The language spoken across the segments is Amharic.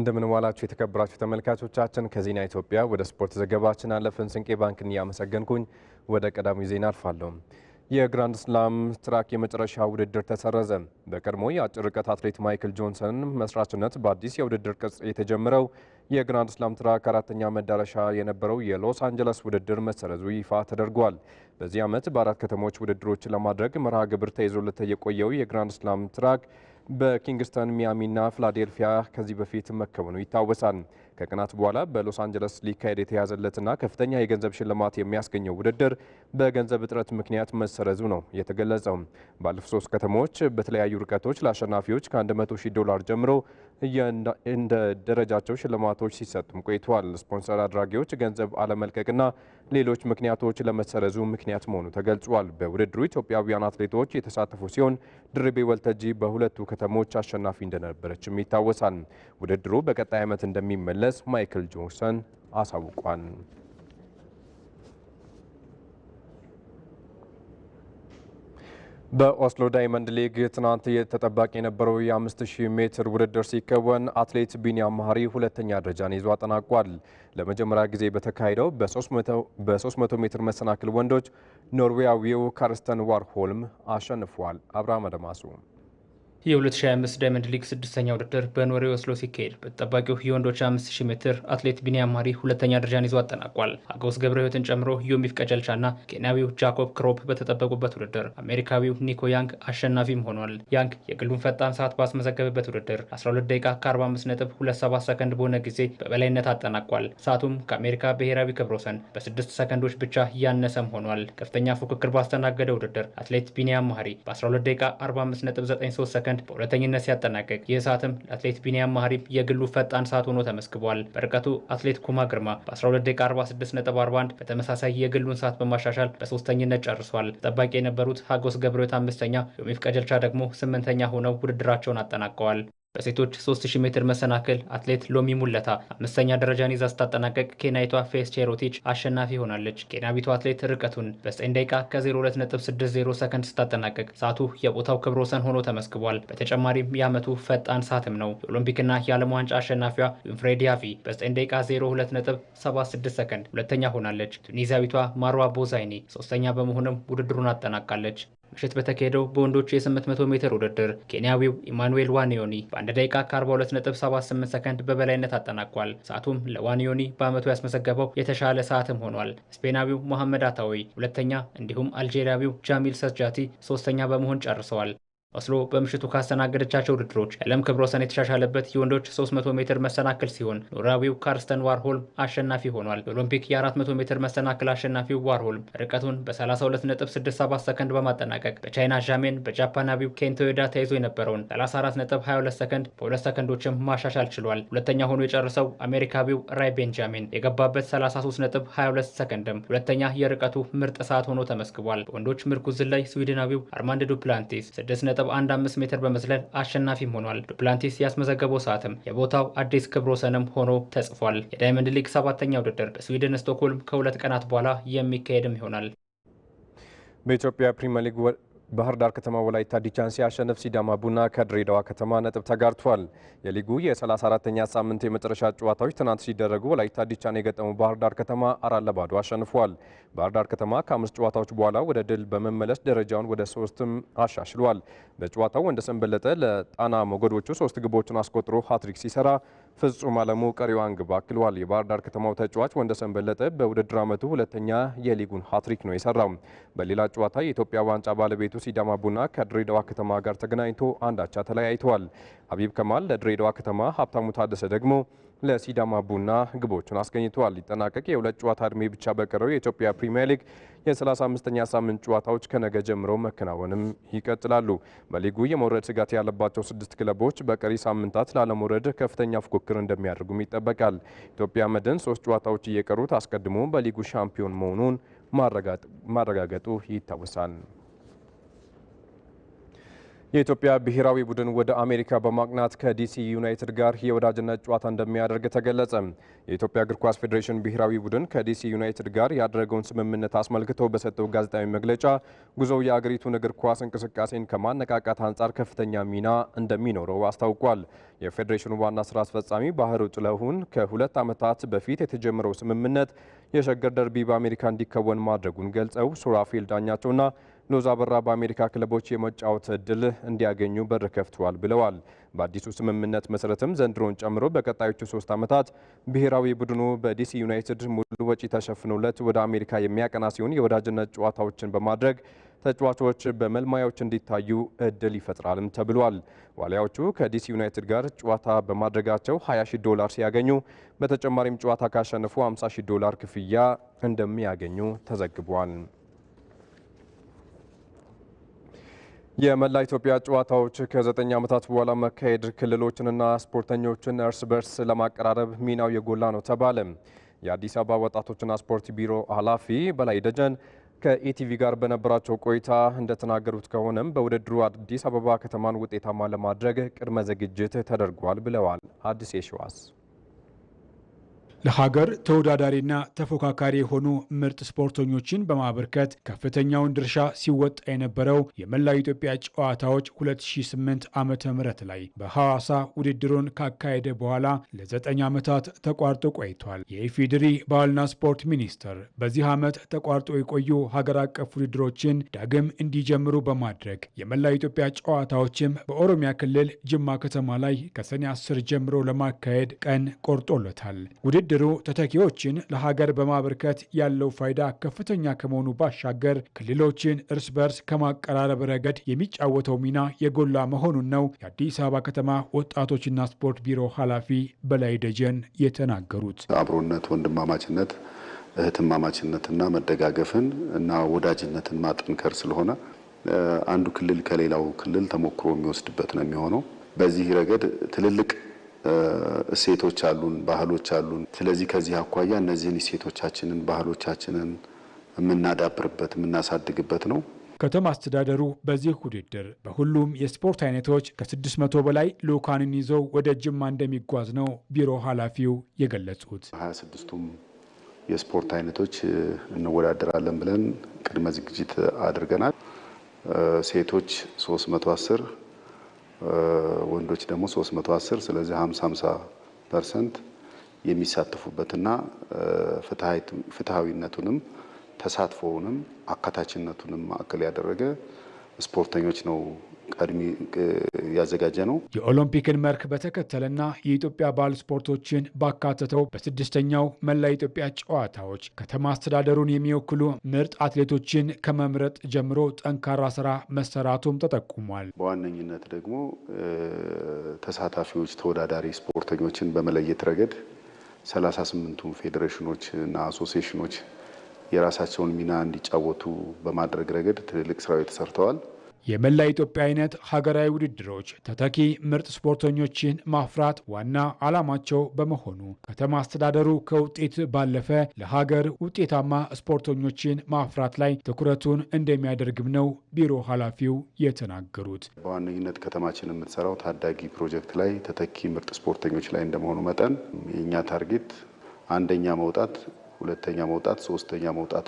እንደምንዋላችሁ የተከበራችሁ ተመልካቾቻችን። ከዜና ኢትዮጵያ ወደ ስፖርት ዘገባችን አለፍን። ስንቄ ባንክን እያመሰገንኩኝ ወደ ቀዳሚው ዜና አልፋለሁ። የግራንድ ስላም ትራክ የመጨረሻ ውድድር ተሰረዘ። በቀድሞ የአጭር ርቀት አትሌት ማይክል ጆንሰን መስራችነት በአዲስ የውድድር ቅጽ የተጀመረው የግራንድ ስላም ትራክ አራተኛ መዳረሻ የነበረው የሎስ አንጀለስ ውድድር መሰረዙ ይፋ ተደርጓል። በዚህ ዓመት በአራት ከተሞች ውድድሮችን ለማድረግ መርሃ ግብር ተይዞለት የቆየው የግራንድ ስላም ትራክ በኪንግስተን ሚያሚና ፊላዴልፊያ ከዚህ በፊት መከወኑ ይታወሳል። ከቀናት በኋላ በሎስ አንጀለስ ሊካሄድ የተያዘለትና ከፍተኛ የገንዘብ ሽልማት የሚያስገኘው ውድድር በገንዘብ እጥረት ምክንያት መሰረዙ ነው የተገለጸው። ባለፉት ሶስት ከተሞች በተለያዩ ርቀቶች ለአሸናፊዎች ከ100 ሺህ ዶላር ጀምሮ እንደ ደረጃቸው ሽልማቶች ሲሰጡም ቆይተዋል። ስፖንሰር አድራጊዎች ገንዘብ አለመልቀቅና ሌሎች ምክንያቶች ለመሰረዙ ምክንያት መሆኑ ተገልጿል። በውድድሩ ኢትዮጵያውያን አትሌቶች የተሳተፉ ሲሆን ድርቤ ወልተጂ በሁለቱ ከተሞች አሸናፊ እንደነበረችም ይታወሳል። ውድድሩ በቀጣይ ዓመት እንደሚመለስ ማይክል ጆንሰን አሳውቋል። በኦስሎ ዳይመንድ ሊግ ትናንት የተጠባቂ የነበረው የ5000 ሜትር ውድድር ሲከወን አትሌት ቢኒያም መሀሪ ሁለተኛ ደረጃን ይዞ አጠናቋል። ለመጀመሪያ ጊዜ በተካሄደው በ300 ሜትር መሰናክል ወንዶች ኖርዌያዊው ካርስተን ዋርሆልም አሸንፏል። አብርሃም አደማሱ የ2025 ዳይመንድ ሊግ ስድስተኛ ውድድር በኖርዌይ ወስሎ ሲካሄድ በጠባቂው የወንዶች 5000 ሜትር አትሌት ቢኒያም ማሪ ሁለተኛ ደረጃን ይዞ አጠናቋል። አጎስ ገብረ ህይወትን ጨምሮ ዮሚፍ ቀጀልቻና ኬንያዊው ጃኮብ ክሮፕ በተጠበቁበት ውድድር አሜሪካዊው ኒኮ ያንግ አሸናፊም ሆኗል። ያንግ የግሉን ፈጣን ሰዓት ባስመዘገበበት ውድድር 12 ደቂቃ ከ45 ነጥብ 27 ሰከንድ በሆነ ጊዜ በበላይነት አጠናቋል። ሰዓቱም ከአሜሪካ ብሔራዊ ክብረ ወሰን በ6 ሰከንዶች ብቻ ያነሰም ሆኗል። ከፍተኛ ፉክክር ባስተናገደ ውድድር አትሌት ቢኒያም ማሪ በ12 ደቂቃ 45 ነጥብ 93 ሰከንድ ሰከንድ በሁለተኝነት ሲያጠናቀቅ ይህ ሰዓትም ለአትሌት ቢኒያም ማህሪብ የግሉ ፈጣን ሰዓት ሆኖ ተመስግቧል። በርቀቱ አትሌት ኩማ ግርማ በ12 ደቂቃ በተመሳሳይ የግሉን ሰዓት በማሻሻል በሶስተኝነት ጨርሷል። ጠባቂ የነበሩት ሀጎስ ገብረዮት አምስተኛ፣ ዮሚፍ ቀጀልቻ ደግሞ ስምንተኛ ሆነው ውድድራቸውን አጠናቀዋል። በሴቶች 3000 ሜትር መሰናክል አትሌት ሎሚ ሙለታ አምስተኛ ደረጃን ይዛ ስታጠናቀቅ ኬንያዊቷ ፌስ ቼሮቲች አሸናፊ ሆናለች። ኬንያዊቷ አትሌት ርቀቱን በ9 ደቂቃ ከ0260 ሰከንድ ስታጠናቀቅ ሰዓቱ የቦታው ክብረ ወሰን ሆኖ ተመስግቧል። በተጨማሪም የዓመቱ ፈጣን ሰዓትም ነው። የኦሎምፒክና የዓለም ዋንጫ አሸናፊዋ ዊንፍሬድ ያቪ በ9 ደቂቃ 0276 ሰከንድ ሁለተኛ ሆናለች። ቱኒዚያዊቷ ማርዋ ቦዛይኒ ሶስተኛ በመሆንም ውድድሩን አጠናቃለች። ምሽት በተካሄደው በወንዶች የ800 ሜትር ውድድር ኬንያዊው ኢማኑኤል ዋኒዮኒ በአንድ ደቂቃ ከ42.78 ሰከንድ በበላይነት አጠናቋል። ሰዓቱም ለዋኒዮኒ በዓመቱ ያስመዘገበው የተሻለ ሰዓትም ሆኗል። ስፔናዊው መሐመድ አታዊ ሁለተኛ፣ እንዲሁም አልጄሪያዊው ጃሚል ሰጃቲ ሶስተኛ በመሆን ጨርሰዋል። ኦስሎ በምሽቱ ካስተናገደቻቸው ውድድሮች የዓለም ክብረ ወሰን የተሻሻለበት የወንዶች 300 ሜትር መሰናክል ሲሆን ኖራዊው ካርስተን ዋርሆልም አሸናፊ ሆኗል። የኦሎምፒክ የ400 ሜትር መሰናክል አሸናፊው ዋርሆልም ርቀቱን በ32.67 ሰከንድ በማጠናቀቅ በቻይና ዣሜን በጃፓናዊው ኬንቶዮዳ ዮዳ ተይዞ የነበረውን 34.22 ሰከንድ በሁለት ሰከንዶችም ማሻሻል ችሏል። ሁለተኛ ሆኖ የጨረሰው አሜሪካዊው ራይ ቤንጃሚን የገባበት 33.22 ሰከንድም ሁለተኛ የርቀቱ ምርጥ ሰዓት ሆኖ ተመስግቧል። በወንዶች ምርኩዝ ዝላይ ስዊድናዊው አርማንድ ዱፕላንቲስ 6 15 ሜትር በመዝለል አሸናፊም ሆኗል። ዱፕላንቲስ ያስመዘገበው ሰዓትም የቦታው አዲስ ክብረ ወሰንም ሆኖ ተጽፏል። የዳይመንድ ሊግ ሰባተኛ ውድድር በስዊድን ስቶክሆልም ከሁለት ቀናት በኋላ የሚካሄድም ይሆናል። በኢትዮጵያ ፕሪሚየር ሊግ ባህር ዳር ከተማ ወላይታ ዲቻን ሲያሸንፍ ሲዳማ ቡና ከድሬዳዋ ከተማ ነጥብ ተጋርቷል። የሊጉ የ 34 ተኛ ሳምንት የመጨረሻ ጨዋታዎች ትናንት ሲደረጉ ወላይታ ዲቻን የገጠመው ባህር ዳር ከተማ አራት ለባዶ አሸንፏል። ባህር ዳር ከተማ ከአምስት ጨዋታዎች በኋላ ወደ ድል በመመለስ ደረጃውን ወደ ሶስትም አሻሽሏል። በጨዋታው ወንደሰን በለጠ ለጣና ሞገዶቹ ሶስት ግቦችን አስቆጥሮ ሀትሪክ ሲሰራ ፍጹም አለሙ ቀሪዋን ግብ አክሏል። የባህር ዳር ከተማው ተጫዋች ወንደሰን በለጠ በውድድር ዓመቱ ሁለተኛ የሊጉን ሃትሪክ ነው የሰራው። በሌላ ጨዋታ የኢትዮጵያ ዋንጫ ባለቤቱ ሲዳማ ቡና ከድሬዳዋ ከተማ ጋር ተገናኝቶ አንዳቻ አቻ ተለያይተዋል። ሀቢብ ከማል ለድሬዳዋ ከተማ፣ ሀብታሙ ታደሰ ደግሞ ለሲዳማ ቡና ግቦቹን አስገኝተዋል። ሊጠናቀቅ የሁለት ጨዋታ እድሜ ብቻ በቀረው የኢትዮጵያ ፕሪሚየር ሊግ የ35ኛ ሳምንት ጨዋታዎች ከነገ ጀምሮ መከናወንም ይቀጥላሉ። በሊጉ የመውረድ ስጋት ያለባቸው ስድስት ክለቦች በቀሪ ሳምንታት ላለመውረድ ከፍተኛ ፉክክር እንደሚያደርጉም ይጠበቃል። ኢትዮጵያ መድን ሶስት ጨዋታዎች እየቀሩት አስቀድሞ በሊጉ ሻምፒዮን መሆኑን ማረጋገጡ ይታወሳል። የኢትዮጵያ ብሔራዊ ቡድን ወደ አሜሪካ በማቅናት ከዲሲ ዩናይትድ ጋር የወዳጅነት ጨዋታ እንደሚያደርግ ተገለጸ። የኢትዮጵያ እግር ኳስ ፌዴሬሽን ብሔራዊ ቡድን ከዲሲ ዩናይትድ ጋር ያደረገውን ስምምነት አስመልክቶ በሰጠው ጋዜጣዊ መግለጫ ጉዞው የአገሪቱን እግር ኳስ እንቅስቃሴን ከማነቃቃት አንጻር ከፍተኛ ሚና እንደሚኖረው አስታውቋል። የፌዴሬሽኑ ዋና ስራ አስፈጻሚ ባህሩ ለሁን ከሁለት ዓመታት በፊት የተጀመረው ስምምነት የሸገር ደርቢ በአሜሪካ እንዲከወን ማድረጉን ገልጸው ሱራፌል ዳኛቸውና ሎዛ አበራ በአሜሪካ ክለቦች የመጫወት እድል እንዲያገኙ በር ከፍተዋል ብለዋል። በአዲሱ ስምምነት መሰረትም ዘንድሮን ጨምሮ በቀጣዮቹ ሶስት ዓመታት ብሔራዊ ቡድኑ በዲሲ ዩናይትድ ሙሉ ወጪ ተሸፍኖለት ወደ አሜሪካ የሚያቀና ሲሆን የወዳጅነት ጨዋታዎችን በማድረግ ተጫዋቾች በመልማያዎች እንዲታዩ እድል ይፈጥራልም ተብሏል። ዋሊያዎቹ ከዲሲ ዩናይትድ ጋር ጨዋታ በማድረጋቸው 20 ሺ ዶላር ሲያገኙ በተጨማሪም ጨዋታ ካሸነፉ 50 ሺ ዶላር ክፍያ እንደሚያገኙ ተዘግቧል። የመላ ኢትዮጵያ ጨዋታዎች ከዘጠኝ ዓመታት በኋላ መካሄድ ክልሎችንና ስፖርተኞችን እርስ በርስ ለማቀራረብ ሚናው የጎላ ነው ተባለ። የአዲስ አበባ ወጣቶችና ስፖርት ቢሮ ኃላፊ በላይ ደጀን ከኢቲቪ ጋር በነበራቸው ቆይታ እንደተናገሩት ከሆነም በውድድሩ አዲስ አበባ ከተማን ውጤታማ ለማድረግ ቅድመ ዝግጅት ተደርጓል ብለዋል። አዲስ የሸዋስ ለሀገር ተወዳዳሪና ተፎካካሪ የሆኑ ምርጥ ስፖርተኞችን በማበርከት ከፍተኛውን ድርሻ ሲወጣ የነበረው የመላው ኢትዮጵያ ጨዋታዎች 2008 ዓ ም ላይ በሐዋሳ ውድድሩን ካካሄደ በኋላ ለዘጠኝ ዓመታት ተቋርጦ ቆይቷል። የኢፌዴሪ ባህልና ስፖርት ሚኒስቴር በዚህ ዓመት ተቋርጦ የቆዩ ሀገር አቀፍ ውድድሮችን ዳግም እንዲጀምሩ በማድረግ የመላው ኢትዮጵያ ጨዋታዎችም በኦሮሚያ ክልል ጅማ ከተማ ላይ ከሰኔ 10 ጀምሮ ለማካሄድ ቀን ቆርጦለታል። ብድሩ ተተኪዎችን ለሀገር በማበርከት ያለው ፋይዳ ከፍተኛ ከመሆኑ ባሻገር ክልሎችን እርስ በርስ ከማቀራረብ ረገድ የሚጫወተው ሚና የጎላ መሆኑን ነው የአዲስ አበባ ከተማ ወጣቶችና ስፖርት ቢሮ ኃላፊ በላይ ደጀን የተናገሩት። አብሮነት፣ ወንድማማችነት፣ እህትማማችነትና መደጋገፍን እና ወዳጅነትን ማጠንከር ስለሆነ አንዱ ክልል ከሌላው ክልል ተሞክሮ የሚወስድበት ነው የሚሆነው። በዚህ ረገድ ትልልቅ እሴቶች አሉን፣ ባህሎች አሉን። ስለዚህ ከዚህ አኳያ እነዚህን እሴቶቻችንን፣ ባህሎቻችንን የምናዳብርበት የምናሳድግበት ነው። ከተማ አስተዳደሩ በዚህ ውድድር በሁሉም የስፖርት አይነቶች ከ600 በላይ ልኡካንን ይዘው ወደ ጅማ እንደሚጓዝ ነው ቢሮ ኃላፊው የገለጹት። 26ቱም የስፖርት አይነቶች እንወዳደራለን ብለን ቅድመ ዝግጅት አድርገናል። ሴቶች 310 ወንዶች ደግሞ 310 ስለዚህ 50 50 ፐርሰንት የሚሳተፉበትና ፍትሐዊነቱንም ተሳትፎውንም አካታችነቱንም ማዕከል ያደረገ ስፖርተኞች ነው ቀድሚ ያዘጋጀ ነው። የኦሎምፒክን መርክ በተከተለና የኢትዮጵያ ባህል ስፖርቶችን ባካተተው በስድስተኛው መላ ኢትዮጵያ ጨዋታዎች ከተማ አስተዳደሩን የሚወክሉ ምርጥ አትሌቶችን ከመምረጥ ጀምሮ ጠንካራ ስራ መሰራቱም ተጠቁሟል። በዋነኝነት ደግሞ ተሳታፊዎች ተወዳዳሪ ስፖርተኞችን በመለየት ረገድ 38 ስምንቱም ፌዴሬሽኖች እና አሶሴሽኖች የራሳቸውን ሚና እንዲጫወቱ በማድረግ ረገድ ትልልቅ ስራዎች ተሰርተዋል። የመላ ኢትዮጵያ አይነት ሀገራዊ ውድድሮች ተተኪ ምርጥ ስፖርተኞችን ማፍራት ዋና ዓላማቸው በመሆኑ ከተማ አስተዳደሩ ከውጤት ባለፈ ለሀገር ውጤታማ ስፖርተኞችን ማፍራት ላይ ትኩረቱን እንደሚያደርግም ነው ቢሮ ኃላፊው የተናገሩት። በዋነኝነት ከተማችን የምትሰራው ታዳጊ ፕሮጀክት ላይ ተተኪ ምርጥ ስፖርተኞች ላይ እንደመሆኑ መጠን የእኛ ታርጌት አንደኛ መውጣት፣ ሁለተኛ መውጣት፣ ሶስተኛ መውጣት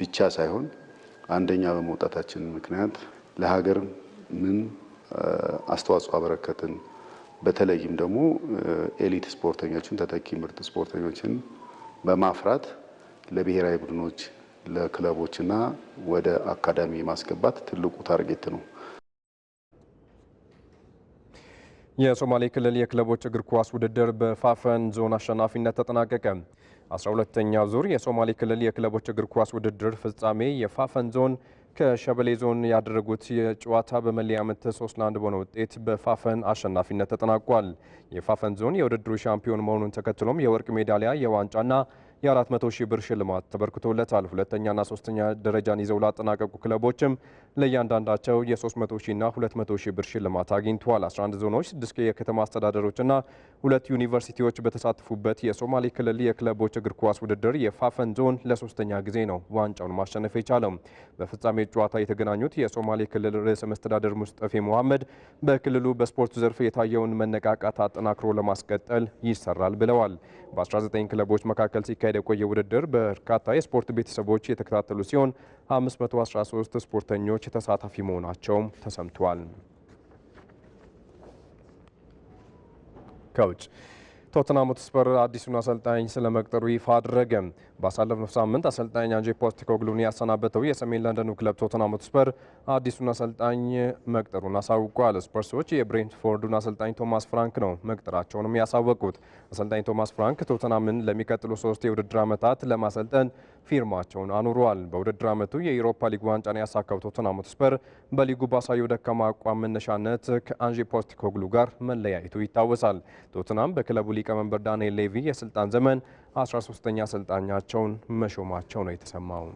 ብቻ ሳይሆን አንደኛ በመውጣታችን ምክንያት ለሀገር ምን አስተዋጽኦ አበረከትን? በተለይም ደግሞ ኤሊት ስፖርተኞችን ተተኪ ምርጥ ስፖርተኞችን በማፍራት ለብሔራዊ ቡድኖች ለክለቦችና ወደ አካዳሚ ማስገባት ትልቁ ታርጌት ነው። የሶማሌ ክልል የክለቦች እግር ኳስ ውድድር በፋፈን ዞን አሸናፊነት ተጠናቀቀ። 12ኛ ዙር የሶማሌ ክልል የክለቦች እግር ኳስ ውድድር ፍጻሜ የፋፈን ዞን ከሸበሌ ዞን ያደረጉት የጨዋታ በመለያ ምት ለ1 በሆነ ውጤት በፋፈን አሸናፊነት ተጠናቋል። የፋፈን ዞን የውድድሩ ሻምፒዮን መሆኑን ተከትሎም የወርቅ ሜዳሊያ የዋንጫና የ መቶ ሺህ ብር ሽልማት ተበርክቶለታል። ሁለተኛና ሶስተኛ ደረጃን ይዘው ላጠናቀቁ ክለቦችም ለእያንዳንዳቸው የ300 ሺህና 200 ሺህ ብር ሽልማት አግኝተዋል። 11 ዞኖች፣ 6 የከተማ አስተዳደሮችና ሁለት ዩኒቨርሲቲዎች በተሳተፉበት የሶማሌ ክልል የክለቦች እግር ኳስ ውድድር የፋፈን ዞን ለሶስተኛ ጊዜ ነው ዋንጫውን ማሸነፍ የቻለው። በፍጻሜ ጨዋታ የተገናኙት የሶማሌ ክልል ርዕሰ መስተዳደር ሙስጠፌ መሐመድ በክልሉ በስፖርት ዘርፍ የታየውን መነቃቃት አጠናክሮ ለማስቀጠል ይሰራል ብለዋል። በ19 ክለቦች መካከል ሲከ ሲካሄድ የቆየ ውድድር በርካታ የስፖርት ቤተሰቦች የተከታተሉ ሲሆን 513 ስፖርተኞች ተሳታፊ መሆናቸውም ተሰምቷል። ከውጭ ቶተንሃም ሆትስፐር አዲሱን አሰልጣኝ ስለመቅጠሩ ይፋ አደረገ። ባሳለፍነው ሳምንት አሰልጣኝ አንጄ ፖስቴኮግሉን ያሰናበተው የሰሜን ለንደኑ ክለብ ቶተንሃም ሆትስፐር አዲሱን አሰልጣኝ መቅጠሩን አሳውቋል። ስፐርሶች የብሬንትፎርዱን አሰልጣኝ ቶማስ ፍራንክ ነው መቅጠራቸውንም ያሳወቁት። አሰልጣኝ ቶማስ ፍራንክ ቶተናምን ለሚቀጥሉ ሶስት የውድድር ዓመታት ለማሰልጠን ፊርማቸውን አኑረዋል። በውድድር ዓመቱ የኢሮፓ ሊግ ዋንጫን ያሳካው ቶተናም ሆትስፐር በሊጉ ባሳየው ደካማ አቋም መነሻነት ከአንዤ ፖስቴኮግሉ ጋር መለያየቱ ይታወሳል። ቶተናም በክለቡ ሊቀመንበር ዳንኤል ሌቪ የስልጣን ዘመን 13ኛ አሰልጣኛቸውን መሾማቸው ነው የተሰማው።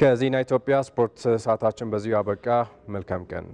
ከዜና ኢትዮጵያ ስፖርት ሰዓታችን በዚሁ አበቃ። መልካም ቀን